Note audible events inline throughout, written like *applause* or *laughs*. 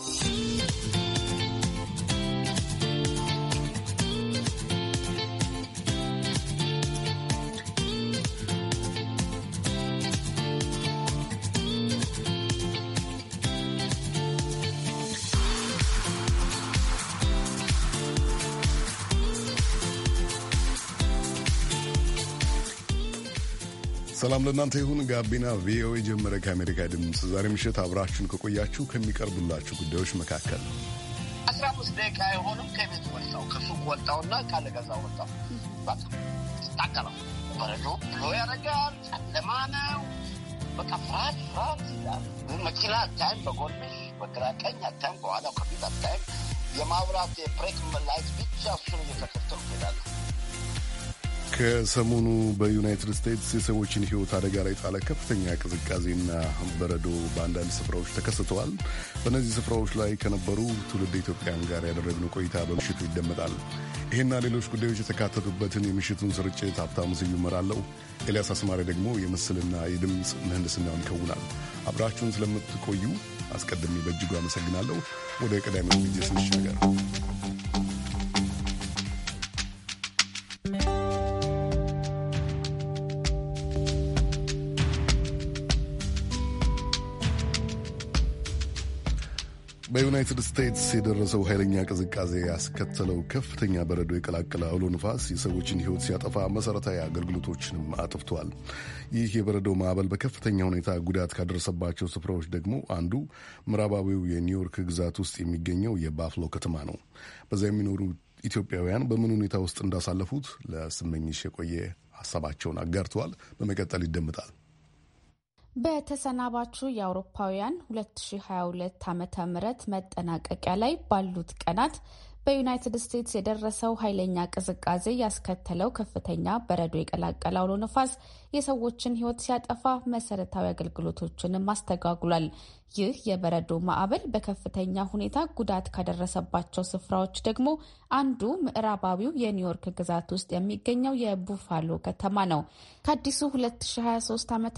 心。ሰላም ለእናንተ ይሁን። ጋቢና ቪኦኤ ጀመረ። ከአሜሪካ ድምፅ ዛሬ ምሽት አብራችሁን ከቆያችሁ ከሚቀርቡላችሁ ጉዳዮች መካከል አስራ አምስት ደቂቃ የሆንም ከቤት ወጣው ከሱቅ ወጣውና ካለገዛ ወጣው ታቀለው በረዶ ብሎ ያደርጋል። ጨለማ ነው። በቃ ፍራት ፍራት ይላል። መኪና አታይም፣ በጎንሽ በግራ ቀኝ አታይም፣ በኋላ ከፊት አታይም። የማብራት የብሬክ ላይት ብቻ እሱን እየተከተሉ ይሄዳሉ። ከሰሞኑ በዩናይትድ ስቴትስ የሰዎችን ሕይወት አደጋ ላይ ጣለ ከፍተኛ ቅዝቃዜና በረዶ በአንዳንድ ስፍራዎች ተከስተዋል። በእነዚህ ስፍራዎች ላይ ከነበሩ ትውልድ ኢትዮጵያን ጋር ያደረግነው ቆይታ በምሽቱ ይደመጣል። ይህና ሌሎች ጉዳዮች የተካተቱበትን የምሽቱን ስርጭት ሀብታሙ ስዩም እመራለሁ። ኤልያስ አስማሪ ደግሞ የምስልና የድምፅ ምህንድስናውን ይከውናል። አብራችሁን ስለምትቆዩ አስቀድሜ በእጅጉ አመሰግናለሁ። ወደ ቀዳሚው ጊዜ ስንሻገር በዩናይትድ ስቴትስ የደረሰው ኃይለኛ ቅዝቃዜ ያስከተለው ከፍተኛ በረዶ የቀላቀለ አውሎ ንፋስ የሰዎችን ሕይወት ሲያጠፋ መሠረታዊ አገልግሎቶችንም አጥፍቷል። ይህ የበረዶ ማዕበል በከፍተኛ ሁኔታ ጉዳት ካደረሰባቸው ስፍራዎች ደግሞ አንዱ ምዕራባዊው የኒውዮርክ ግዛት ውስጥ የሚገኘው የባፍሎ ከተማ ነው። በዚያ የሚኖሩ ኢትዮጵያውያን በምን ሁኔታ ውስጥ እንዳሳለፉት ለስመኝሽ የቆየ ሀሳባቸውን አጋርተዋል። በመቀጠል ይደምጣል። በተሰናባቹ የአውሮፓውያን 2022 ዓ ም መጠናቀቂያ ላይ ባሉት ቀናት በዩናይትድ ስቴትስ የደረሰው ኃይለኛ ቅዝቃዜ ያስከተለው ከፍተኛ በረዶ የቀላቀለ አውሎ ነፋስ የሰዎችን ሕይወት ሲያጠፋ መሰረታዊ አገልግሎቶችንም አስተጓጉሏል። ይህ የበረዶ ማዕበል በከፍተኛ ሁኔታ ጉዳት ካደረሰባቸው ስፍራዎች ደግሞ አንዱ ምዕራባዊው የኒውዮርክ ግዛት ውስጥ የሚገኘው የቡፋሎ ከተማ ነው። ከአዲሱ 2023 ዓ ም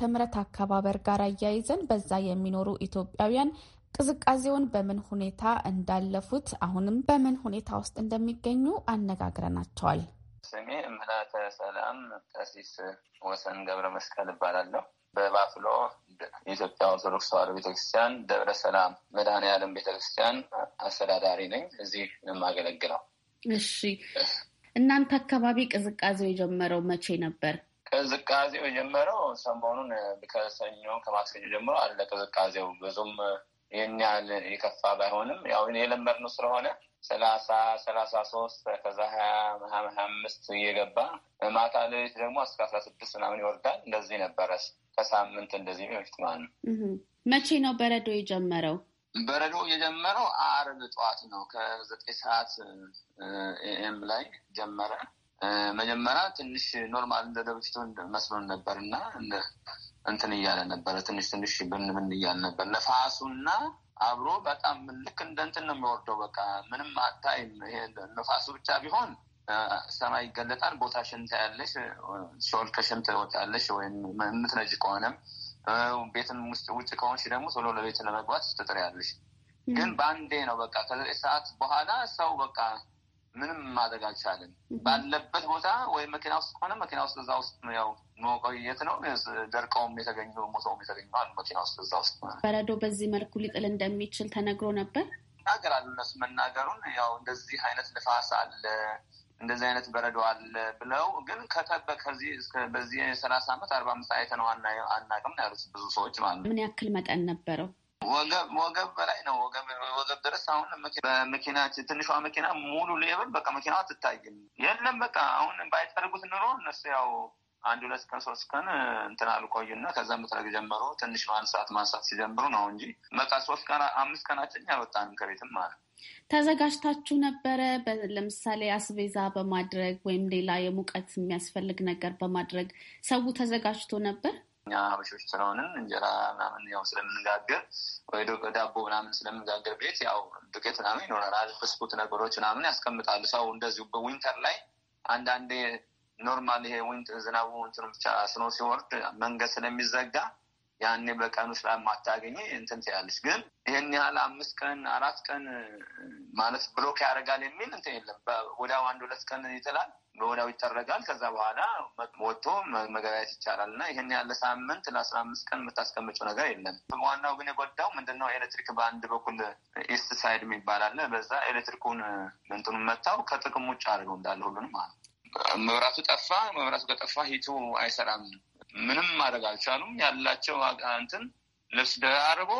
አካባበር ጋር አያይዘን በዛ የሚኖሩ ኢትዮጵያውያን ቅዝቃዜውን በምን ሁኔታ እንዳለፉት አሁንም በምን ሁኔታ ውስጥ እንደሚገኙ አነጋግረናቸዋል። ስሜ እምላተ ሰላም ቀሲስ ወሰን ገብረ መስቀል እባላለሁ። በባፍሎ የኢትዮጵያ ኦርቶዶክስ ተዋሕዶ ቤተክርስቲያን ደብረ ሰላም መድኃኔ ቤተክርስቲያን አስተዳዳሪ ነኝ። እዚህ የማገለግለው። እሺ፣ እናንተ አካባቢ ቅዝቃዜው የጀመረው መቼ ነበር? ቅዝቃዜው የጀመረው ሰሞኑን ከሰኞ ከማክሰኞ ጀምሮ አለ። ቅዝቃዜው ብዙም ይህን ያህል የከፋ ባይሆንም ያው የለመድነው ስለሆነ ሰላሳ ሰላሳ ሶስት ከዛ ሀያ ሀያ አምስት እየገባ ማታ ሌሊት ደግሞ እስከ አስራ ስድስት ምናምን ይወርዳል። እንደዚህ ነበረ ከሳምንት እንደዚህ በፊት ማለት ነው። መቼ ነው በረዶ የጀመረው? በረዶ የጀመረው አርብ ጠዋት ነው። ከዘጠኝ ሰዓት ኤም ላይ ጀመረ። መጀመሪያ ትንሽ ኖርማል እንደ በፊቱ መስሎን ነበር እና እንትን እያለ ነበረ ትንሽ ትንሽ ብን ብን እያለ ነበር ነፋሱ ነፋሱና አብሮ በጣም ልክ እንደ እንትን ነው የሚወርደው። በቃ ምንም አታይም። ይሄ ነፋሱ ብቻ ቢሆን ሰማይ ይገለጣል። ቦታ ሽንታ ያለሽ ሾል ሾልከሽም ትወጣለሽ ወይም የምትነጅ ከሆነም ቤትም ውስጥ ውጭ ከሆንሽ ደግሞ ቶሎ ለቤት ለመግባት ትጥሪያለሽ። ግን በአንዴ ነው በቃ ከዘጠኝ ሰዓት በኋላ ሰው በቃ ምንም ማድረግ አልቻለን። ባለበት ቦታ ወይ መኪና ውስጥ ከሆነ መኪና ውስጥ እዛ ውስጥ ያው መቆየት ነው። ደርቀውም የተገኙ ሞተውም የተገኙ አሉ። መኪና ውስጥ እዛ ውስጥ በረዶ በዚህ መልኩ ሊጥል እንደሚችል ተነግሮ ነበር። ይናገራሉ እነሱ መናገሩን ያው እንደዚህ አይነት ንፋስ አለ እንደዚህ አይነት በረዶ አለ ብለው ግን ከተበ ከዚህ በዚህ ሰላሳ አመት አርባ አምስት አይተነው አናቅም ያሉት ብዙ ሰዎች ማለት ነው። ምን ያክል መጠን ነበረው? ወገብ በላይ ነው። ወገብ ድረስ አሁን በመኪና ትንሿ መኪና ሙሉ ሌብል በቃ መኪናዋ አትታይም። የለም በቃ አሁን ባይጠርጉት ኑሮ እነሱ ያው አንድ ሁለት ቀን ሶስት ቀን እንትን አልቆዩና ከዛ መጥረግ ጀመሩ። ትንሽ ነው ሰዓት ማንሳት ሲጀምሩ ነው እንጂ በቃ ሶስት ቀን አምስት ቀናችን አልወጣንም ከቤትም ማለት ተዘጋጅታችሁ ነበረ። ለምሳሌ አስቤዛ በማድረግ ወይም ሌላ የሙቀት የሚያስፈልግ ነገር በማድረግ ሰው ተዘጋጅቶ ነበር። እኛ ሀበሾች ስለሆንን እንጀራ ምናምን ያው ስለምንጋገር ወይ ዳቦ ምናምን ስለምንጋገር ቤት ያው ዱቄት ምናምን ይኖራል። ብስኩት ነገሮች ምናምን ያስቀምጣሉ። ሰው እንደዚሁ በዊንተር ላይ አንዳንዴ ኖርማል ይሄ ዝናቡ እንትኑ ብቻ ስኖ ሲወርድ መንገድ ስለሚዘጋ ያኔ በቀኑ ስለማታገኝ እንትን ትያለች። ግን ይህን ያህል አምስት ቀን አራት ቀን ማለት ብሎክ ያደርጋል የሚል እንትን የለም። ወዲያው አንድ ሁለት ቀን ይጥላል። በወዳው ይጠረጋል። ከዛ በኋላ ወጥቶ መገበያየት ይቻላል እና ይህን ያለ ሳምንት ለአስራ አምስት ቀን የምታስቀምጨው ነገር የለም። ዋናው ግን የጎዳው ምንድነው ኤሌክትሪክ በአንድ በኩል ኢስት ሳይድ የሚባል አለ። በዛ ኤሌክትሪኩን እንትኑ መታው ከጥቅም ውጭ አድርገው እንዳለ ሁሉንም ማለት መብራቱ ጠፋ። መብራቱ ከጠፋ ሂቱ አይሰራም። ምንም ማድረግ አልቻሉም። ያላቸው እንትን ልብስ ደራርቦ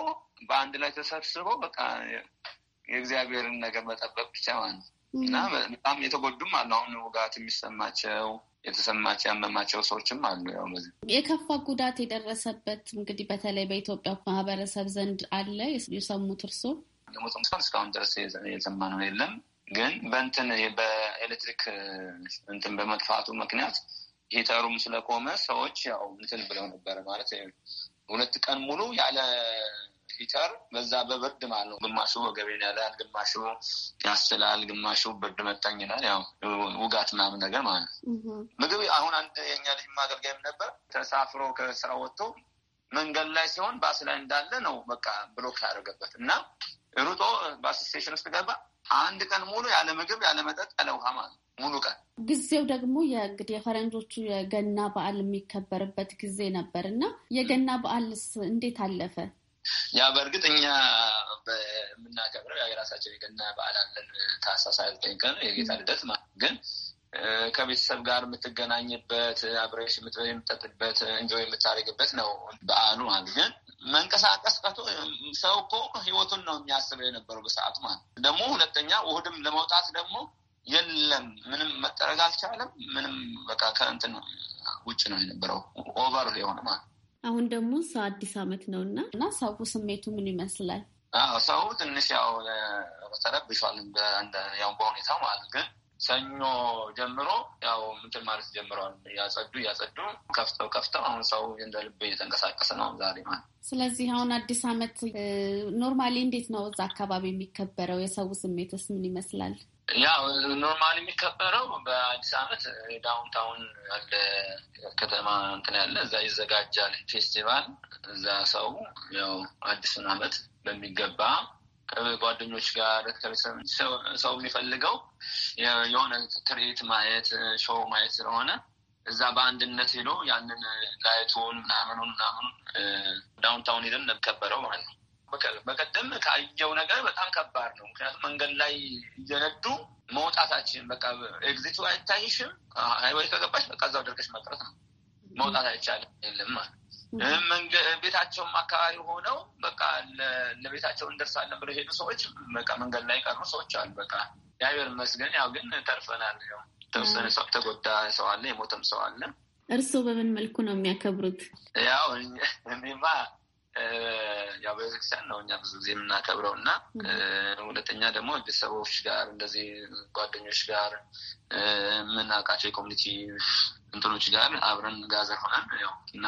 በአንድ ላይ ተሰብስበው በቃ የእግዚአብሔርን ነገር መጠበቅ ብቻ ማለት ነው። እና በጣም የተጎዱም አሉ። አሁን ውጋት የሚሰማቸው የተሰማቸው ያመማቸው ሰዎችም አሉ። ያው በዚህ የከፋ ጉዳት የደረሰበት እንግዲህ በተለይ በኢትዮጵያ ማህበረሰብ ዘንድ አለ የሰሙት እርሶ? የሞት እስካሁን ድረስ ነው የለም። ግን በእንትን በኤሌክትሪክ እንትን በመጥፋቱ ምክንያት ሂተሩም ስለቆመ ሰዎች ያው እንትን ብለው ነበረ ማለት ሁለት ቀን ሙሉ ያለ ጊታር በዛ በብርድ ማለት ነው። ግማሹ ወገቤን ያላል፣ ግማሹ ያስላል፣ ግማሹ ብርድ መታኝ ይላል። ያው ውጋት ምናምን ነገር ማለት ነው። ምግብ አሁን አንድ የኛ ልጅ ማገልገያም ነበር ተሳፍሮ ከስራ ወጥቶ መንገድ ላይ ሲሆን ባስ ላይ እንዳለ ነው በቃ ብሎክ ያደረገበት እና ሩጦ ባስ ስቴሽን ውስጥ ገባ። አንድ ቀን ሙሉ ያለ ምግብ ያለ መጠጥ ያለ ውሃ ማለት ነው። ሙሉ ቀን ጊዜው ደግሞ እንግዲህ የፈረንጆቹ የገና በዓል የሚከበርበት ጊዜ ነበር እና የገና በዓልስ እንዴት አለፈ? ያ በእርግጥ እኛ በምናከብረው የራሳቸው የገና በዓል አለን ታህሳስ ዘጠኝ ቀን የጌታ ልደት ማለት ግን ከቤተሰብ ጋር የምትገናኝበት አብሬሽ የምጠጥበት እንጆ የምታደርግበት ነው በዓሉ ማለት ግን መንቀሳቀስ ቀቶ ሰው እኮ ህይወቱን ነው የሚያስበው የነበረው በሰዓቱ ማለት ደግሞ ሁለተኛ እሑድም ለመውጣት ደግሞ የለም ምንም መጠረግ አልቻለም ምንም በቃ ከእንትን ውጭ ነው የነበረው ኦቨር የሆነ ማለት አሁን ደግሞ አዲስ አመት ነው እና እና ሰው ስሜቱ ምን ይመስላል? ሰው ትንሽ ያው ተረብሿል፣ ያው በሁኔታው ማለት ግን ሰኞ ጀምሮ ያው ምንትን ማለት ጀምረዋል። እያጸዱ እያጸዱ ከፍተው ከፍተው አሁን ሰው እንደ ልብ እየተንቀሳቀሰ ነው ዛሬ ማለት። ስለዚህ አሁን አዲስ አመት ኖርማሊ እንዴት ነው እዛ አካባቢ የሚከበረው? የሰው ስሜትስ ምን ይመስላል? ያው ኖርማሊ የሚከበረው በአዲስ አመት ዳውንታውን ያለ ከተማ እንትን ያለ እዛ ይዘጋጃል ፌስቲቫል። እዛ ሰው ያው አዲሱን አመት በሚገባ ከጓደኞች ጋር ከቤተሰብ ሰው የሚፈልገው የሆነ ትርኢት ማየት ሾው ማየት ስለሆነ እዛ በአንድነት ሄዶ ያንን ላይቱን ምናምኑን ምናምኑን ዳውንታውን ሄደን ነከበረው ማለት ነው። በቀደም ካየው ነገር በጣም ከባድ ነው። ምክንያቱም መንገድ ላይ እየነዱ መውጣታችን በቃ ኤግዚቱ አይታይሽም። ሃይዌይ ከገባሽ በቃ እዛው ደርገሽ መቅረት ነው። መውጣት አይቻልም የለም ማለት ቤታቸውም አካባቢ ሆነው በቃ ለቤታቸው እንደርሳለን ብለው ሄዱ ሰዎች በቃ መንገድ ላይ ቀሩ ሰዎች አሉ። በቃ የአይበር መስገን ያው ግን ተርፈናል። ያው ተወሰነ ሰው ተጎዳ ሰው አለ፣ የሞተም ሰው አለ። እርስዎ በምን መልኩ ነው የሚያከብሩት? ያው እኔማ ያው ቤተክርስቲያን ነው እኛ ብዙ ጊዜ የምናከብረው እና ሁለተኛ ደግሞ ቤተሰቦች ጋር እንደዚህ ጓደኞች ጋር የምናውቃቸው የኮሚኒቲ እንትኖች ጋር አብረን ጋዘር ሆነን ያው እና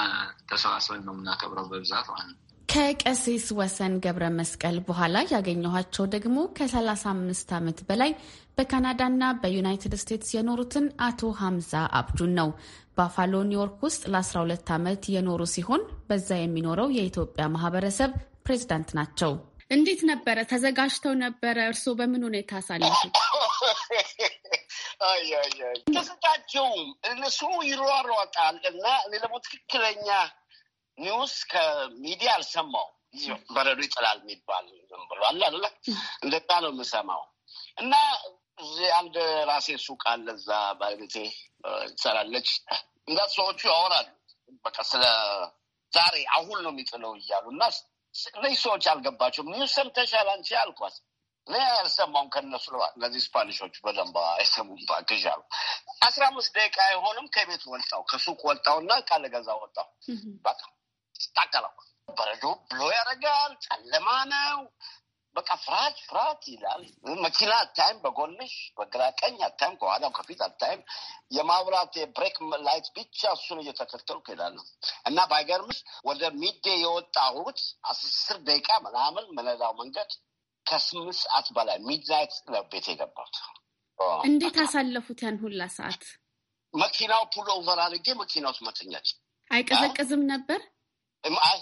ተሰባስበን ነው የምናከብረው በብዛት ማለት ነው። ከቀሲስ ወሰን ገብረ መስቀል በኋላ ያገኘኋቸው ደግሞ ከ35 ዓመት በላይ በካናዳና በዩናይትድ ስቴትስ የኖሩትን አቶ ሀምዛ አብዱን ነው። ባፋሎ ኒውዮርክ ውስጥ ለ12 ዓመት የኖሩ ሲሆን በዛ የሚኖረው የኢትዮጵያ ማህበረሰብ ፕሬዚዳንት ናቸው። እንዴት ነበረ? ተዘጋጅተው ነበረ? እርስዎ በምን ሁኔታ አሳለፉ? *laughs* ተዘጋጀውም እነሱ ይሯሯጣል እና እኔ ደግሞ ትክክለኛ ኒውስ ከሚዲያ አልሰማው በረዶ ይጥላል የሚባል ዝም ብሎ አለ እንደዛ ነው የምሰማው እና እዚህ አንድ ራሴ ሱቅ አለ። እዛ ባለቤቴ ትሰራለች። እና ሰዎቹ ያወራሉ በቃ ስለ ዛሬ አሁን ነው የሚጥለው እያሉ እና እነዚህ ሰዎች አልገባቸው። ምን ሰምተሻል አንቺ አልኳት። እኔ አልሰማሁም ከነሱ እነዚህ ስፓኒሾቹ በደንብ አይሰሙም እባክሽ አሉ። አስራ አምስት ደቂቃ አይሆንም ከቤት ወጣሁ፣ ከሱቅ ወጣሁ እና ዕቃ ልገዛ ወጣሁ። በቃ ስታቀላኩ በረዶ ብሎ ያደርጋል። ጨለማ ነው። በቃ ፍርሃት ፍርሃት ይላል። መኪና አታይም፣ በጎንሽ በግራ ቀኝ አታይም፣ ከኋላ ከፊት አታይም። የማብራት የብሬክ ላይት ብቻ እሱን እየተከተሉ እሄዳለሁ እና ባይገርምስ ወደ ሚዴ የወጣሁት አስር ደቂቃ ምናምን መለዳው መንገድ ከስምንት ሰዓት በላይ ሚድናይት ቤት የገባት። እንዴት አሳለፉት ያን ሁላ ሰዓት? መኪናው ፑል ኦቨር አድርጌ መኪና ውስጥ መተኛች። አይቀዘቅዝም ነበር?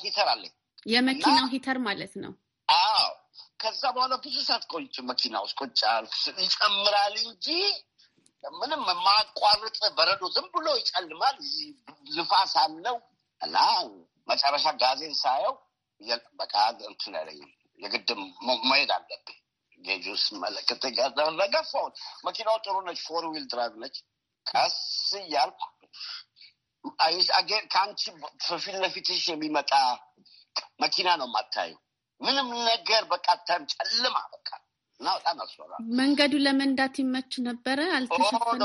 ሂተር አለኝ። የመኪናው ሂተር ማለት ነው ከዛ በኋላ ብዙ ሰዓት ቆይቼ መኪና ውስጥ ቁጭ አልኩ። ይጨምራል እንጂ ምንም የማቋርጥ በረዶ ዝም ብሎ ይጨልማል። ንፋስ አለው እና መጨረሻ ጋዜን ሳየው በቃ እንትን ያለኝ የግድም መሄድ አለብኝ። ጌጁስ መለክት ጋዛን መኪናው ጥሩ ነች፣ ፎር ዊል ድራይቭ ነች። ቀስ እያልኩ ከአንቺ ፊት ለፊትሽ የሚመጣ መኪና ነው የማታየው ምንም ነገር በቃ ጨልማ በቃ እና በጣም አስፈራ። መንገዱ ለመንዳት ይመች ነበረ። አልተሸፈነ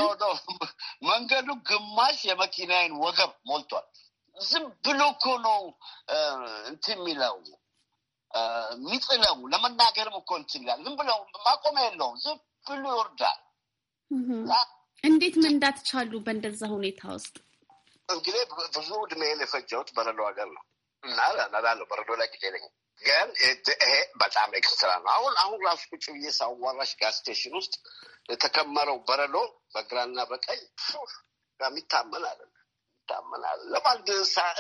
መንገዱ ግማሽ የመኪናዬን ወገብ ሞልቷል። ዝም ብሎ እኮ ነው እንትን የሚለው የሚጥለው። ለመናገርም እኮ እንትን ይላል። ዝም ብለው ማቆሚያ የለውም። ዝም ብሎ ይወርዳል። እንዴት መንዳት ቻሉ? በእንደዛ ሁኔታ ውስጥ እንግዲህ ብዙ ዕድሜን የፈጀሁት በረዶ ሀገር ነው እና ላለው በረዶ ላይ ጊዜ የለኝም ግን ይሄ በጣም ኤክስትራ ነው። አሁን አሁን ራሱ ቁጭ ብዬ ሳዋራሽ ጋር ስቴሽን ውስጥ የተከመረው በረዶ በግራና በቀኝ የሚታመን አለ የሚታመን አይደለም።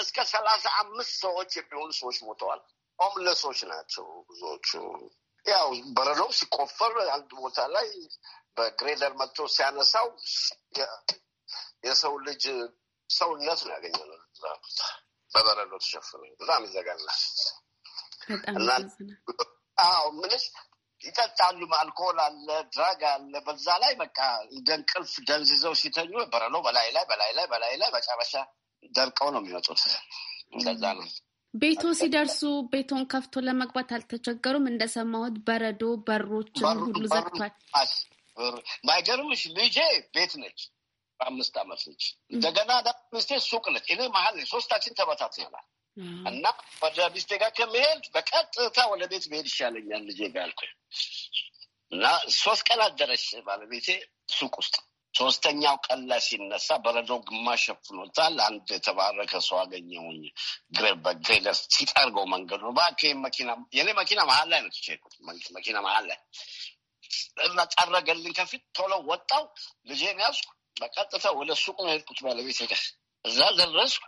እስከ ሰላሳ አምስት ሰዎች የሚሆኑ ሰዎች ሞተዋል። ሆምለሶች ናቸው ብዙዎቹ። ያው በረዶም ሲቆፈር አንድ ቦታ ላይ በግሬደር መጥቶ ሲያነሳው የሰው ልጅ ሰውነት ነው ያገኘነው በበረዶ ተሸፍነ በጣም ይዘጋናል። አዎ ምንሽ ይጠጣሉ። አልኮል አለ፣ ድራግ አለ። በዛ ላይ በቃ ደንቅልፍ ደንዝዘው ሲተኙ በረሎ በላይ ላይ በላይ ላይ በላይ ላይ መጨረሻ ደርቀው ነው የሚመጡት። እንደዛ ነው። ቤቶ ሲደርሱ ቤቶን ከፍቶ ለመግባት አልተቸገሩም። እንደሰማሁት በረዶ በሮችን ሁሉ ዘግቷል። ማይገርምሽ ልጄ ቤት ነች፣ አምስት አመት ነች። እንደገና ሚስቴ ሱቅ ነች። እኔ መሀል ነኝ። ሶስታችን ይላል እና ባጃ ሚስቴ ጋር ከመሄድ በቀጥታ ወደ ቤት መሄድ ይሻለኛል ልጄ ጋር አልኩኝ እና ሶስት ቀን አደረች ባለቤቴ ሱቅ ውስጥ። ሶስተኛው ቀን ላይ ሲነሳ በረዶ ግማሽ ሸፍኖታል። አንድ የተባረከ ሰው አገኘሁኝ። ግሬደር ሲጠርገው መንገዱ እባክህ መኪና የኔ መኪና መሀል ላይ ነው መኪና መሀል ላይ እና ጠረገልኝ። ከፊት ቶሎ ወጣው ልጄን ያዝኩ። በቀጥታ ወደ ሱቁ ነው የሄድኩት ባለቤቴ ጋር እዛ ደረስኩ።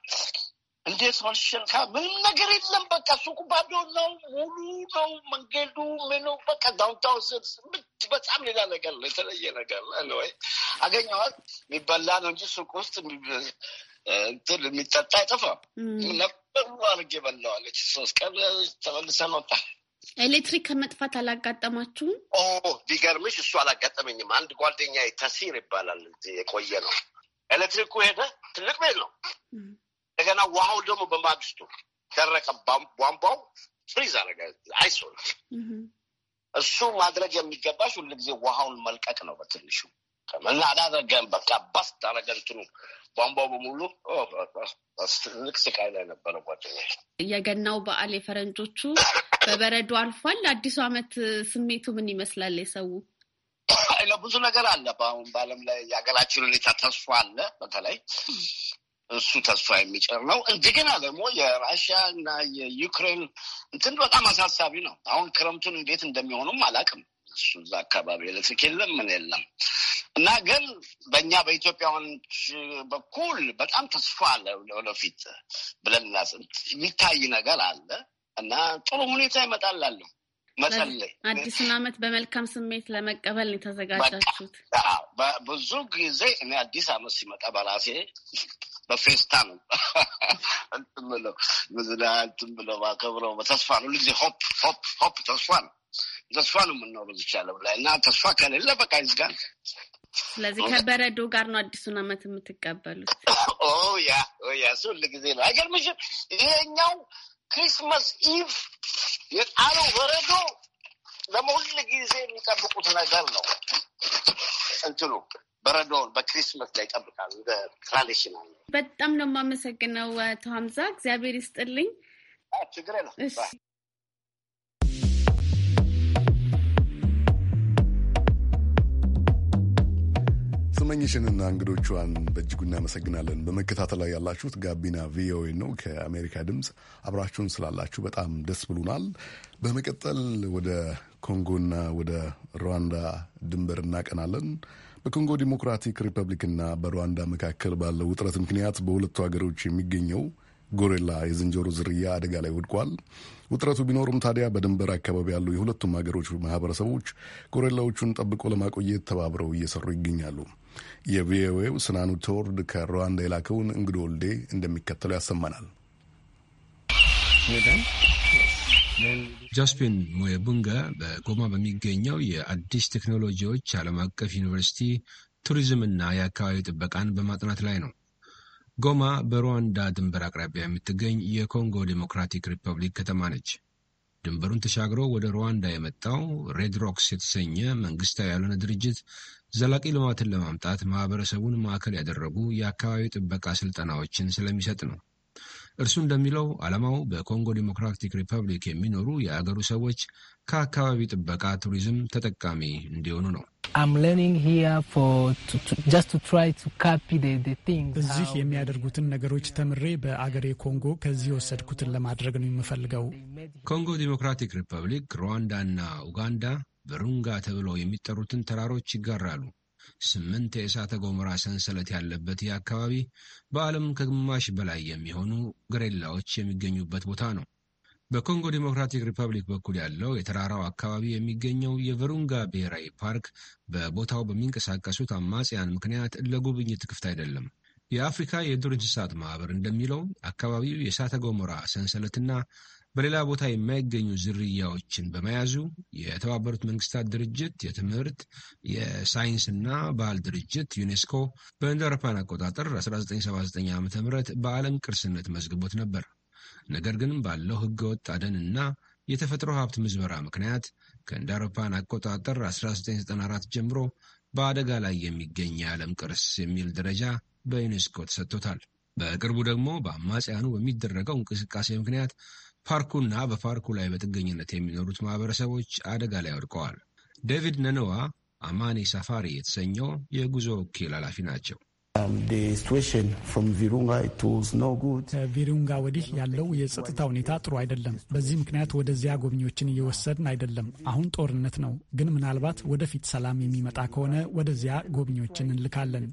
እንዴት መሸንካ ምንም ነገር የለም። በቃ ሱቁ ባዶ ነው፣ ሙሉ ነው መንገዱ ምኑ በቃ ዳውንታውን በጣም ሌላ ነገር ነው፣ የተለየ ነገር ነው። ወይ አገኘዋት የሚበላ ነው እንጂ ሱቅ ውስጥ እንትን የሚጠጣ አይጠፋም። ነበሩ አድርጌ በላዋለች። ሶስት ቀን ተመልሰን ወጣ። ኤሌክትሪክ ከመጥፋት አላጋጠማችሁም? ኦ ቢገርምሽ እሱ አላጋጠመኝም። አንድ ጓደኛ ተሲር ይባላል የቆየ ነው። ኤሌክትሪኩ ሄደ፣ ትልቅ ቤት ነው እንደገና ውሃው ደግሞ በማግስቱ ደረቀ። ቧንቧው ፍሪዝ አረገ፣ አይሶ እሱ ማድረግ የሚገባሽ ሁሉ ጊዜ ውሃውን መልቀቅ ነው በትንሹ እና አላደረገም። በቃ ባስ ታረገ እንትኑ ቧንቧው በሙሉ ትልቅ ስቃይ ላይ ነበረ። ጓደኛ የገናው በዓል የፈረንጆቹ በበረዶ አልፏል። አዲሱ አመት ስሜቱ ምን ይመስላል? የሰው ብዙ ነገር አለ። በአሁን በአለም ላይ የሀገራችን ሁኔታ ተስፋ አለ በተለይ እሱ ተስፋ የሚጭር ነው። እንደገና ደግሞ የራሽያ እና የዩክሬን እንትን በጣም አሳሳቢ ነው። አሁን ክረምቱን እንዴት እንደሚሆኑም አላውቅም። እሱ እዛ አካባቢ ኤሌክትሪክ የለም ምን የለም እና ግን በእኛ በኢትዮጵያውያኖች በኩል በጣም ተስፋ አለ ወደፊት ብለን የሚታይ ነገር አለ እና ጥሩ ሁኔታ ይመጣል አለ መጸለይ። አዲሱን ዓመት በመልካም ስሜት ለመቀበል የተዘጋጃችሁት? ብዙ ጊዜ እኔ አዲስ ዓመት ሲመጣ በራሴ በፌስታ *laughs* ነው እንትን ብለው ምዝና እንትን ብለው ማከብረው በተስፋ ነው። ሁልጊዜ ሆፕ ሆፕ ሆፕ ተስፋ ነው ተስፋ ነው የምንኖረው እዚች ዓለም ላይ እና ተስፋ ከሌለ በቃ ይዝጋል። ስለዚህ ከበረዶ ጋር ነው አዲሱን ዓመት የምትቀበሉት? *laughs* ያ ያ እሱ ጊዜ ነው። አይገርምሽም? ይሄኛው ክሪስማስ ኢቭ የጣለው በረዶ ለመሁል ጊዜ የሚጠብቁት ነገር ነው እንትሉ በረዶውን በክሪስመስ ላይ ይጠብቃሉ። ትራዲሽናል በጣም ነው የማመሰግነው አቶ ሀምዛ እግዚአብሔር ይስጥልኝ። ችግር ነው። ስመኝሽንና እንግዶቿን በእጅጉ እናመሰግናለን። በመከታተል ላይ ያላችሁት ጋቢና ቪኦኤ ነው ከአሜሪካ ድምፅ። አብራችሁን ስላላችሁ በጣም ደስ ብሎናል። በመቀጠል ወደ ኮንጎና ወደ ሩዋንዳ ድንበር እናቀናለን። በኮንጎ ዲሞክራቲክ ሪፐብሊክና በሩዋንዳ መካከል ባለው ውጥረት ምክንያት በሁለቱ ሀገሮች የሚገኘው ጎሬላ የዝንጀሮ ዝርያ አደጋ ላይ ወድቋል። ውጥረቱ ቢኖርም ታዲያ በድንበር አካባቢ ያሉ የሁለቱም ሀገሮች ማህበረሰቦች ጎሬላዎቹን ጠብቆ ለማቆየት ተባብረው እየሰሩ ይገኛሉ። የቪኦኤው ስናኑ ተወርድ ከሩዋንዳ የላከውን እንግዶ ወልዴ እንደሚከተለው ያሰማናል። ጃስፒን ሞየቡንጋ በጎማ በሚገኘው የአዲስ ቴክኖሎጂዎች ዓለም አቀፍ ዩኒቨርሲቲ ቱሪዝምና የአካባቢ ጥበቃን በማጥናት ላይ ነው። ጎማ በሩዋንዳ ድንበር አቅራቢያ የምትገኝ የኮንጎ ዴሞክራቲክ ሪፐብሊክ ከተማ ነች። ድንበሩን ተሻግሮ ወደ ሩዋንዳ የመጣው ሬድ ሮክስ የተሰኘ መንግስታዊ ያልሆነ ድርጅት ዘላቂ ልማትን ለማምጣት ማህበረሰቡን ማዕከል ያደረጉ የአካባቢ ጥበቃ ስልጠናዎችን ስለሚሰጥ ነው። እርሱ እንደሚለው ዓላማው በኮንጎ ዲሞክራቲክ ሪፐብሊክ የሚኖሩ የአገሩ ሰዎች ከአካባቢ ጥበቃ ቱሪዝም ተጠቃሚ እንዲሆኑ ነው። እዚህ የሚያደርጉትን ነገሮች ተምሬ በአገሬ ኮንጎ ከዚህ የወሰድኩትን ለማድረግ ነው የምፈልገው። ኮንጎ ዲሞክራቲክ ሪፐብሊክ፣ ሩዋንዳ እና ኡጋንዳ ቨሩንጋ ተብለው የሚጠሩትን ተራሮች ይጋራሉ። ስምንት የእሳተ ገሞራ ሰንሰለት ያለበት ይህ አካባቢ በዓለም ከግማሽ በላይ የሚሆኑ ግሬላዎች የሚገኙበት ቦታ ነው። በኮንጎ ዲሞክራቲክ ሪፐብሊክ በኩል ያለው የተራራው አካባቢ የሚገኘው የቨሩንጋ ብሔራዊ ፓርክ በቦታው በሚንቀሳቀሱት አማጽያን ምክንያት ለጉብኝት ክፍት አይደለም። የአፍሪካ የዱር እንስሳት ማህበር እንደሚለው አካባቢው የእሳተ ገሞራ ሰንሰለትና በሌላ ቦታ የማይገኙ ዝርያዎችን በመያዙ የተባበሩት መንግስታት ድርጅት የትምህርት የሳይንስና ባህል ድርጅት ዩኔስኮ በእንደ አውሮፓውያን አቆጣጠር 1979 ዓ ም በዓለም ቅርስነት መዝግቦት ነበር። ነገር ግን ባለው አደን አደንና የተፈጥሮ ሀብት ምዝበራ ምክንያት ከእንደ አውሮፓውያን አቆጣጠር 1994 ጀምሮ በአደጋ ላይ የሚገኝ የዓለም ቅርስ የሚል ደረጃ በዩኔስኮ ተሰጥቶታል። በቅርቡ ደግሞ በአማጽያኑ በሚደረገው እንቅስቃሴ ምክንያት ፓርኩና በፓርኩ ላይ በጥገኝነት የሚኖሩት ማህበረሰቦች አደጋ ላይ ወድቀዋል። ዴቪድ ነነዋ አማኔ ሳፋሪ የተሰኘው የጉዞ ወኪል ኃላፊ ናቸው። ከቪሩንጋ um, uh, ወዲህ ያለው የጸጥታ ሁኔታ ጥሩ አይደለም። በዚህ ምክንያት ወደዚያ ጎብኚዎችን እየወሰድን አይደለም። አሁን ጦርነት ነው፣ ግን ምናልባት ወደፊት ሰላም የሚመጣ ከሆነ ወደዚያ ጎብኚዎችን እንልካለን።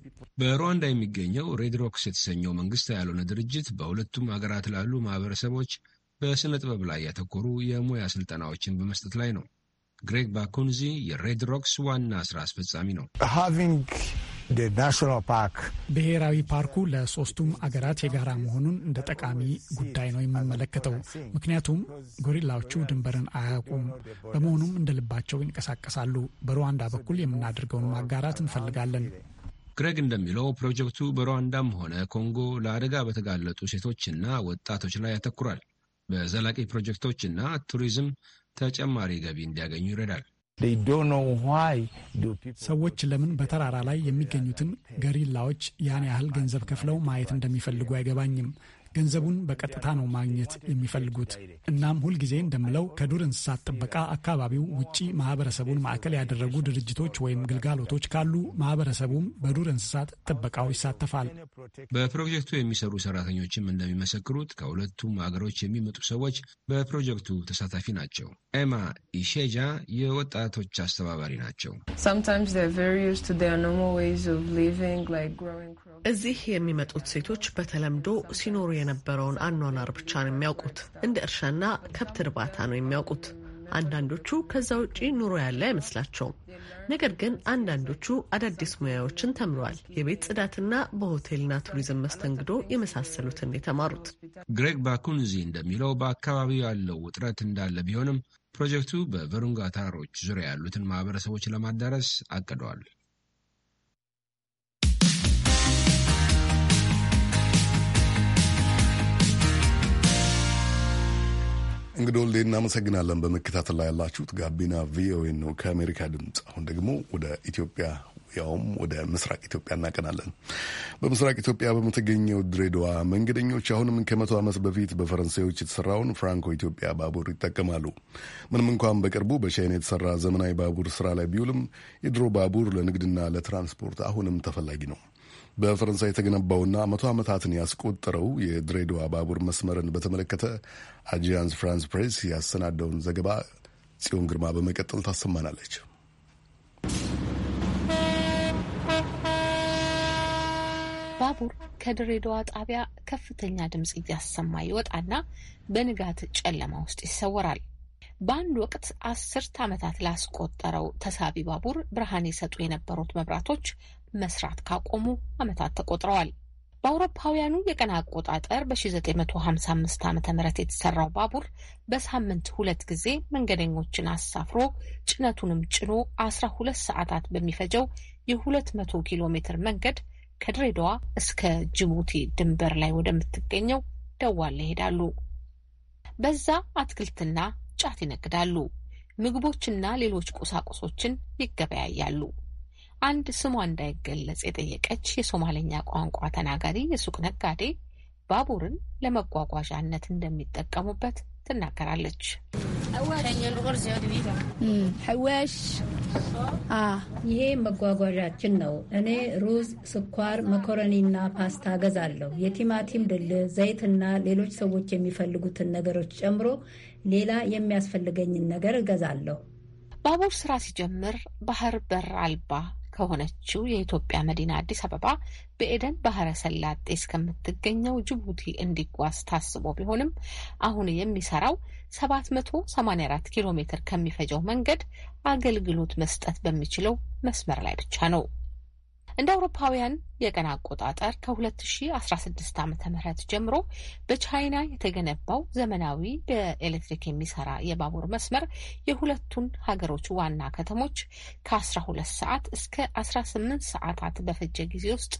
በሩዋንዳ የሚገኘው ሬድሮክስ የተሰኘው መንግስት ያልሆነ ድርጅት በሁለቱም ሀገራት ላሉ ማህበረሰቦች በስነ ጥበብ ላይ ያተኮሩ የሙያ ስልጠናዎችን በመስጠት ላይ ነው። ግሬግ ባኩንዚ የሬድሮክስ ዋና ስራ አስፈጻሚ ነው። ብሔራዊ ፓርኩ ለሶስቱም አገራት የጋራ መሆኑን እንደ ጠቃሚ ጉዳይ ነው የምመለከተው። ምክንያቱም ጎሪላዎቹ ድንበርን አያውቁም። በመሆኑም እንደ ልባቸው ይንቀሳቀሳሉ። በሩዋንዳ በኩል የምናደርገውን ማጋራት እንፈልጋለን። ግሬግ እንደሚለው ፕሮጀክቱ በሩዋንዳም ሆነ ኮንጎ ለአደጋ በተጋለጡ ሴቶችና ወጣቶች ላይ ያተኩራል። በዘላቂ ፕሮጀክቶችና ቱሪዝም ተጨማሪ ገቢ እንዲያገኙ ይረዳል። ሰዎች ለምን በተራራ ላይ የሚገኙትን ገሪላዎች ያን ያህል ገንዘብ ከፍለው ማየት እንደሚፈልጉ አይገባኝም። ገንዘቡን በቀጥታ ነው ማግኘት የሚፈልጉት። እናም ሁልጊዜ እንደምለው ከዱር እንስሳት ጥበቃ አካባቢው ውጪ ማህበረሰቡን ማዕከል ያደረጉ ድርጅቶች ወይም ግልጋሎቶች ካሉ ማህበረሰቡም በዱር እንስሳት ጥበቃው ይሳተፋል። በፕሮጀክቱ የሚሰሩ ሰራተኞችም እንደሚመሰክሩት ከሁለቱም ሀገሮች የሚመጡ ሰዎች በፕሮጀክቱ ተሳታፊ ናቸው። ኤማ ኢሼጃ የወጣቶች አስተባባሪ ናቸው። እዚህ የሚመጡት ሴቶች በተለምዶ ሲኖሩ የነበረውን አኗኗር ብቻ ነው የሚያውቁት። እንደ እርሻና ከብት እርባታ ነው የሚያውቁት። አንዳንዶቹ ከዛ ውጪ ኑሮ ያለ አይመስላቸውም። ነገር ግን አንዳንዶቹ አዳዲስ ሙያዎችን ተምረዋል። የቤት ጽዳትና በሆቴልና ቱሪዝም መስተንግዶ የመሳሰሉትን የተማሩት። ግሬግ ባኩንዚ እንደሚለው በአካባቢው ያለው ውጥረት እንዳለ ቢሆንም ፕሮጀክቱ በቨሩንጋ ተራሮች ዙሪያ ያሉትን ማህበረሰቦች ለማዳረስ አቅደዋል። እንግዲህ ወልዴ እናመሰግናለን። በመከታተል ላይ ያላችሁት ጋቢና ቪኦኤ ነው ከአሜሪካ ድምፅ። አሁን ደግሞ ወደ ኢትዮጵያ ያውም ወደ ምስራቅ ኢትዮጵያ እናቀናለን። በምስራቅ ኢትዮጵያ በምትገኘው ድሬዳዋ መንገደኞች አሁንም ከመቶ ዓመት በፊት በፈረንሳዮች የተሰራውን ፍራንኮ ኢትዮጵያ ባቡር ይጠቀማሉ። ምንም እንኳን በቅርቡ በቻይና የተሰራ ዘመናዊ ባቡር ስራ ላይ ቢውልም የድሮ ባቡር ለንግድና ለትራንስፖርት አሁንም ተፈላጊ ነው። በፈረንሳይ የተገነባውና መቶ ዓመታትን ያስቆጠረው የድሬዳዋ ባቡር መስመርን በተመለከተ አጂያንስ ፍራንስ ፕሬስ ያሰናዳውን ዘገባ ጽዮን ግርማ በመቀጠል ታሰማናለች። ባቡር ከድሬዳዋ ጣቢያ ከፍተኛ ድምፅ እያሰማ ይወጣና በንጋት ጨለማ ውስጥ ይሰወራል። በአንድ ወቅት አስርት ዓመታት ላስቆጠረው ተሳቢ ባቡር ብርሃን የሰጡ የነበሩት መብራቶች መስራት ካቆሙ ዓመታት ተቆጥረዋል። በአውሮፓውያኑ የቀን አቆጣጠር በ1955 ዓ ም የተሰራው ባቡር በሳምንት ሁለት ጊዜ መንገደኞችን አሳፍሮ ጭነቱንም ጭኖ 12 ሰዓታት በሚፈጀው የ200 ኪሎ ሜትር መንገድ ከድሬዳዋ እስከ ጅቡቲ ድንበር ላይ ወደምትገኘው ደዋል ይሄዳሉ። በዛ አትክልትና ጫት ይነግዳሉ። ምግቦችና ሌሎች ቁሳቁሶችን ይገበያያሉ። አንድ ስሟ እንዳይገለጽ የጠየቀች የሶማሌኛ ቋንቋ ተናጋሪ የሱቅ ነጋዴ ባቡርን ለመጓጓዣነት እንደሚጠቀሙበት ትናገራለች። አ ይሄ መጓጓዣችን ነው። እኔ ሩዝ፣ ስኳር፣ መኮረኒና ፓስታ ገዛለሁ። የቲማቲም ድል፣ ዘይትና ሌሎች ሰዎች የሚፈልጉትን ነገሮች ጨምሮ ሌላ የሚያስፈልገኝን ነገር እገዛለሁ። ባቡር ስራ ሲጀምር ባህር በር አልባ ከሆነችው የኢትዮጵያ መዲና አዲስ አበባ በኤደን ባህረ ሰላጤ እስከምትገኘው ጅቡቲ እንዲጓዝ ታስቦ ቢሆንም አሁን የሚሰራው 784 ኪሎ ሜትር ከሚፈጀው መንገድ አገልግሎት መስጠት በሚችለው መስመር ላይ ብቻ ነው። እንደ አውሮፓውያን የቀን አቆጣጠር ከ2016 ዓ.ም ጀምሮ በቻይና የተገነባው ዘመናዊ በኤሌክትሪክ የሚሰራ የባቡር መስመር የሁለቱን ሀገሮች ዋና ከተሞች ከ12 ሰዓት እስከ 18 ሰዓታት በፈጀ ጊዜ ውስጥ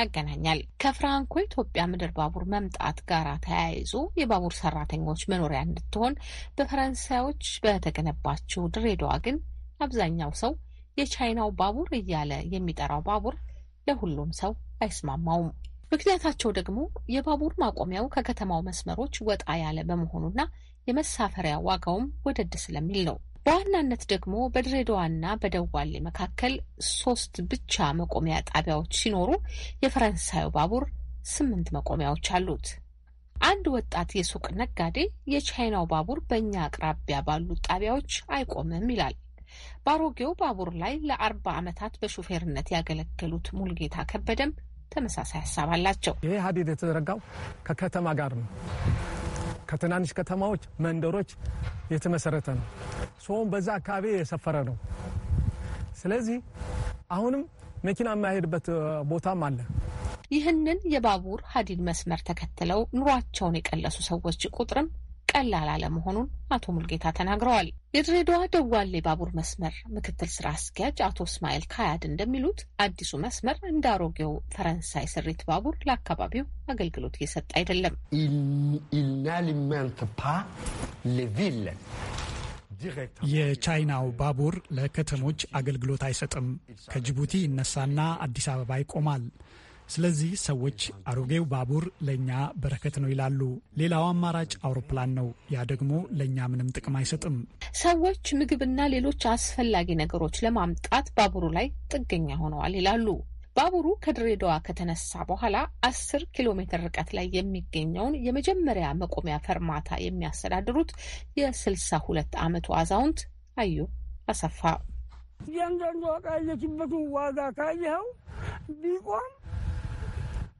ያገናኛል። ከፍራንኮ ኢትዮጵያ ምድር ባቡር መምጣት ጋር ተያይዞ የባቡር ሰራተኞች መኖሪያ እንድትሆን በፈረንሳዮች በተገነባችው ድሬዳዋ ግን አብዛኛው ሰው የቻይናው ባቡር እያለ የሚጠራው ባቡር ለሁሉም ሰው አይስማማውም። ምክንያታቸው ደግሞ የባቡር ማቆሚያው ከከተማው መስመሮች ወጣ ያለ በመሆኑና የመሳፈሪያ ዋጋውም ወደድ ስለሚል ነው። በዋናነት ደግሞ በድሬዳዋና በደዋሌ መካከል ሶስት ብቻ መቆሚያ ጣቢያዎች ሲኖሩ የፈረንሳዩ ባቡር ስምንት መቆሚያዎች አሉት። አንድ ወጣት የሱቅ ነጋዴ የቻይናው ባቡር በእኛ አቅራቢያ ባሉት ጣቢያዎች አይቆምም ይላል። በአሮጌው ባቡር ላይ ለአርባ ዓመታት በሹፌርነት ያገለገሉት ሙልጌታ ከበደም ተመሳሳይ ሀሳብ አላቸው። ይሄ ሀዲድ የተዘረጋው ከከተማ ጋር ነው። ከትናንሽ ከተማዎች፣ መንደሮች የተመሰረተ ነው። ሰውም በዛ አካባቢ የሰፈረ ነው። ስለዚህ አሁንም መኪና የማይሄድበት ቦታም አለ። ይህንን የባቡር ሀዲድ መስመር ተከትለው ኑሯቸውን የቀለሱ ሰዎች ቁጥርም ቀላል አለመሆኑን አቶ ሙልጌታ ተናግረዋል። የድሬዳዋ ደዋሌ ባቡር መስመር ምክትል ስራ አስኪያጅ አቶ እስማኤል ካያድ እንደሚሉት አዲሱ መስመር እንደ አሮጌው ፈረንሳይ ስሪት ባቡር ለአካባቢው አገልግሎት እየሰጠ አይደለም። የቻይናው ባቡር ለከተሞች አገልግሎት አይሰጥም። ከጅቡቲ ይነሳና አዲስ አበባ ይቆማል። ስለዚህ ሰዎች አሮጌው ባቡር ለእኛ በረከት ነው ይላሉ። ሌላው አማራጭ አውሮፕላን ነው። ያ ደግሞ ለእኛ ምንም ጥቅም አይሰጥም። ሰዎች ምግብና ሌሎች አስፈላጊ ነገሮች ለማምጣት ባቡሩ ላይ ጥገኛ ሆነዋል ይላሉ። ባቡሩ ከድሬዳዋ ከተነሳ በኋላ አስር ኪሎ ሜትር ርቀት ላይ የሚገኘውን የመጀመሪያ መቆሚያ ፈርማታ የሚያስተዳድሩት የስልሳ ሁለት አመቱ አዛውንት አዩ አሰፋ እያንዳንዱ እቃ የለችበትን ዋጋ ካየኸው ቢቆም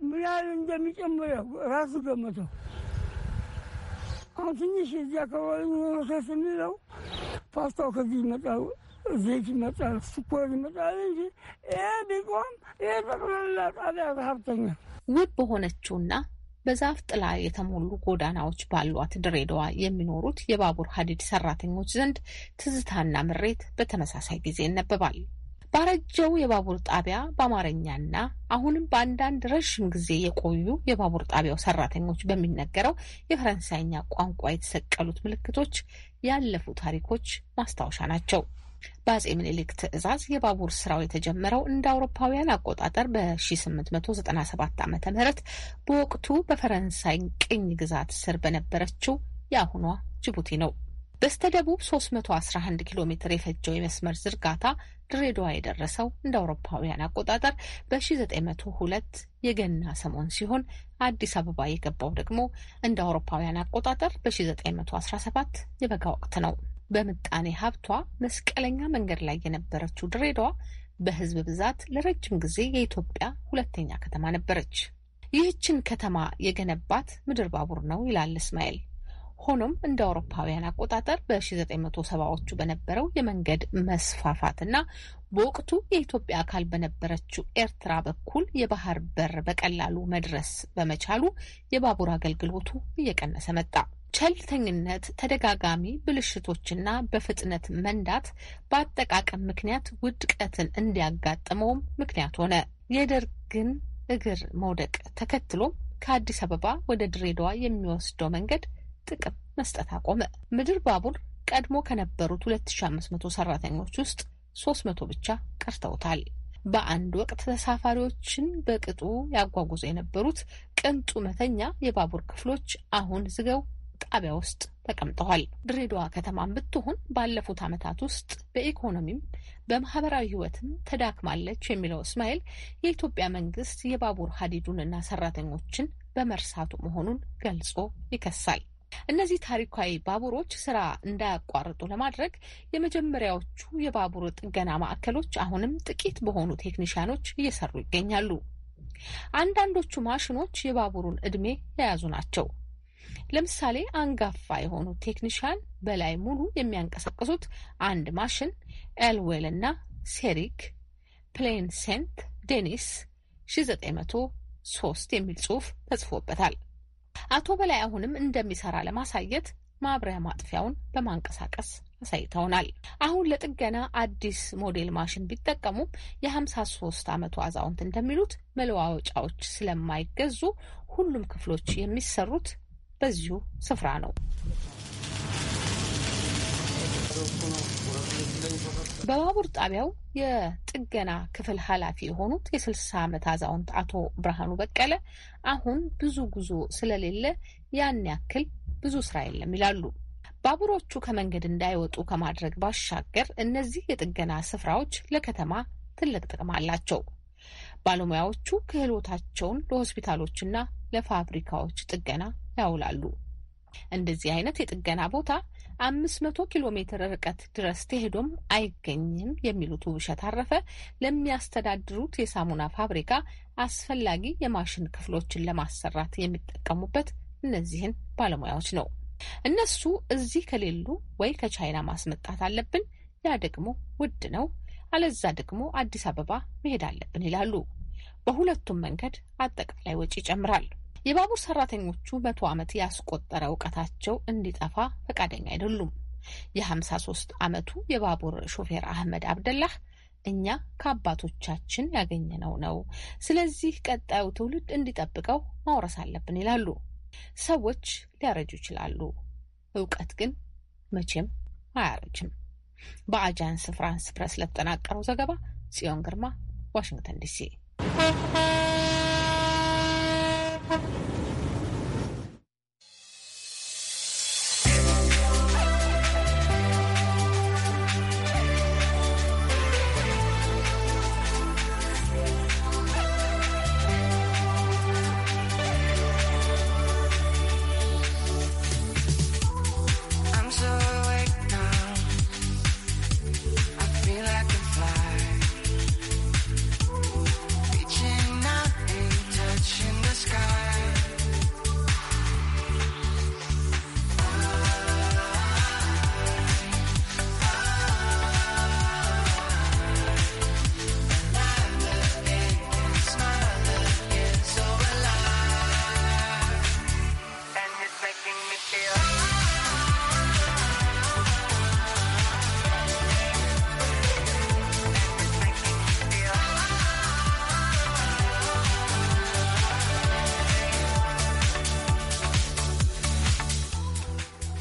ምን ያህል እንደሚጨምር ራሱ ገመተው። አሁን ትንሽ እዚህ አካባቢ ኖሮሰ ስንለው ፓስታው ከዚህ ይመጣል፣ ዘይት ይመጣል፣ ስኳር ይመጣል እንጂ ይህ ቢቆም ይህ ጠቅላላ ጣቢያ ረሀብተኛ ውብ በሆነችውና በዛፍ ጥላ የተሞሉ ጎዳናዎች ባሏት ድሬዳዋ የሚኖሩት የባቡር ሀዲድ ሰራተኞች ዘንድ ትዝታና ምሬት በተመሳሳይ ጊዜ ይነበባል። ባረጀው የባቡር ጣቢያ በአማርኛና አሁንም በአንዳንድ ረዥም ጊዜ የቆዩ የባቡር ጣቢያው ሰራተኞች በሚነገረው የፈረንሳይኛ ቋንቋ የተሰቀሉት ምልክቶች ያለፉ ታሪኮች ማስታወሻ ናቸው። በአጼ ምኒልክ ትዕዛዝ የባቡር ስራው የተጀመረው እንደ አውሮፓውያን አቆጣጠር በ1897 ዓ ም በወቅቱ በፈረንሳይ ቅኝ ግዛት ስር በነበረችው የአሁኗ ጅቡቲ ነው። በስተደቡብ 311 ኪሎ ሜትር የፈጀው የመስመር ዝርጋታ ድሬዳዋ የደረሰው እንደ አውሮፓውያን አቆጣጠር በ1902 የገና ሰሞን ሲሆን አዲስ አበባ የገባው ደግሞ እንደ አውሮፓውያን አቆጣጠር በ1917 የበጋ ወቅት ነው። በምጣኔ ሀብቷ መስቀለኛ መንገድ ላይ የነበረችው ድሬዳዋ በህዝብ ብዛት ለረጅም ጊዜ የኢትዮጵያ ሁለተኛ ከተማ ነበረች። ይህችን ከተማ የገነባት ምድር ባቡር ነው ይላል እስማኤል። ሆኖም እንደ አውሮፓውያን አቆጣጠር በ1970ዎቹ በነበረው የመንገድ መስፋፋትና በወቅቱ የኢትዮጵያ አካል በነበረችው ኤርትራ በኩል የባህር በር በቀላሉ መድረስ በመቻሉ የባቡር አገልግሎቱ እየቀነሰ መጣ። ቸልተኝነት፣ ተደጋጋሚ ብልሽቶችና በፍጥነት መንዳት በአጠቃቀም ምክንያት ውድቀትን እንዲያጋጥመውም ምክንያት ሆነ። የደርግን እግር መውደቅ ተከትሎም ከአዲስ አበባ ወደ ድሬዳዋ የሚወስደው መንገድ ጥቅም መስጠት አቆመ። ምድር ባቡር ቀድሞ ከነበሩት 2500 ሰራተኞች ውስጥ 300 ብቻ ቀርተውታል። በአንድ ወቅት ተሳፋሪዎችን በቅጡ ያጓጉዙ የነበሩት ቅንጡ መተኛ የባቡር ክፍሎች አሁን ዝገው ጣቢያ ውስጥ ተቀምጠዋል። ድሬዳዋ ከተማም ብትሆን ባለፉት ዓመታት ውስጥ በኢኮኖሚም በማህበራዊ ሕይወትም ተዳክማለች የሚለው እስማኤል የኢትዮጵያ መንግስት የባቡር ሀዲዱንና ሰራተኞችን በመርሳቱ መሆኑን ገልጾ ይከሳል። እነዚህ ታሪካዊ ባቡሮች ስራ እንዳያቋርጡ ለማድረግ የመጀመሪያዎቹ የባቡር ጥገና ማዕከሎች አሁንም ጥቂት በሆኑ ቴክኒሽያኖች እየሰሩ ይገኛሉ። አንዳንዶቹ ማሽኖች የባቡሩን እድሜ የያዙ ናቸው። ለምሳሌ አንጋፋ የሆኑ ቴክኒሽያን በላይ ሙሉ የሚያንቀሳቅሱት አንድ ማሽን ኤልዌል እና ሴሪክ ፕሌን ሴንት ዴኒስ 1903 የሚል ጽሑፍ ተጽፎበታል። አቶ በላይ አሁንም እንደሚሰራ ለማሳየት ማብሪያ ማጥፊያውን በማንቀሳቀስ አሳይተውናል። አሁን ለጥገና አዲስ ሞዴል ማሽን ቢጠቀሙም የ53 ዓመቱ አዛውንት እንደሚሉት መለዋወጫዎች ስለማይገዙ ሁሉም ክፍሎች የሚሰሩት በዚሁ ስፍራ ነው። በባቡር ጣቢያው የጥገና ክፍል ኃላፊ የሆኑት የስልሳ ዓመት አዛውንት አቶ ብርሃኑ በቀለ አሁን ብዙ ጉዞ ስለሌለ ያን ያክል ብዙ ስራ የለም ይላሉ። ባቡሮቹ ከመንገድ እንዳይወጡ ከማድረግ ባሻገር እነዚህ የጥገና ስፍራዎች ለከተማ ትልቅ ጥቅም አላቸው። ባለሙያዎቹ ክህሎታቸውን ለሆስፒታሎችና ለፋብሪካዎች ጥገና ያውላሉ። እንደዚህ አይነት የጥገና ቦታ አምስት መቶ ኪሎ ሜትር ርቀት ድረስ ተሄዶም አይገኝም የሚሉት ውብሸት አረፈ ለሚያስተዳድሩት የሳሙና ፋብሪካ አስፈላጊ የማሽን ክፍሎችን ለማሰራት የሚጠቀሙበት እነዚህን ባለሙያዎች ነው። እነሱ እዚህ ከሌሉ ወይ ከቻይና ማስመጣት አለብን፣ ያ ደግሞ ውድ ነው፣ አለዛ ደግሞ አዲስ አበባ መሄድ አለብን ይላሉ። በሁለቱም መንገድ አጠቃላይ ወጪ ይጨምራል። የባቡር ሰራተኞቹ መቶ ዓመት ያስቆጠረ እውቀታቸው እንዲጠፋ ፈቃደኛ አይደሉም። የ53 ዓመቱ የባቡር ሾፌር አህመድ አብደላህ እኛ ከአባቶቻችን ያገኘነው ነው፣ ስለዚህ ቀጣዩ ትውልድ እንዲጠብቀው ማውረስ አለብን ይላሉ። ሰዎች ሊያረጁ ይችላሉ፣ እውቀት ግን መቼም አያረጅም። በአጃንስ ፍራንስ ፕረስ ለተጠናቀረው ዘገባ ጽዮን ግርማ፣ ዋሽንግተን ዲሲ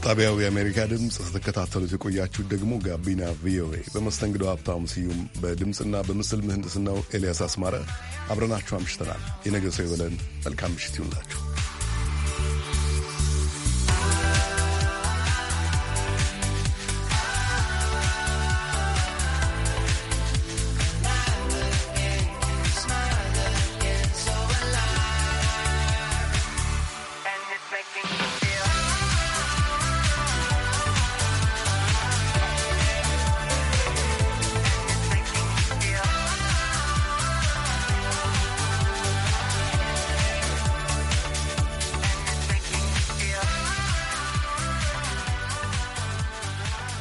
ጣቢያው የአሜሪካ ድምፅ ስትከታተሉት የቆያችሁ ደግሞ ጋቢና ቪኦኤ በመስተንግዶ ሀብታሙ ስዩም፣ በድምፅና በምስል ምህንድስናው ኤልያስ አስማረ አብረናችሁ አምሽተናል። የነገ ሰው ይበለን። መልካም ምሽት ይሁንላችሁ።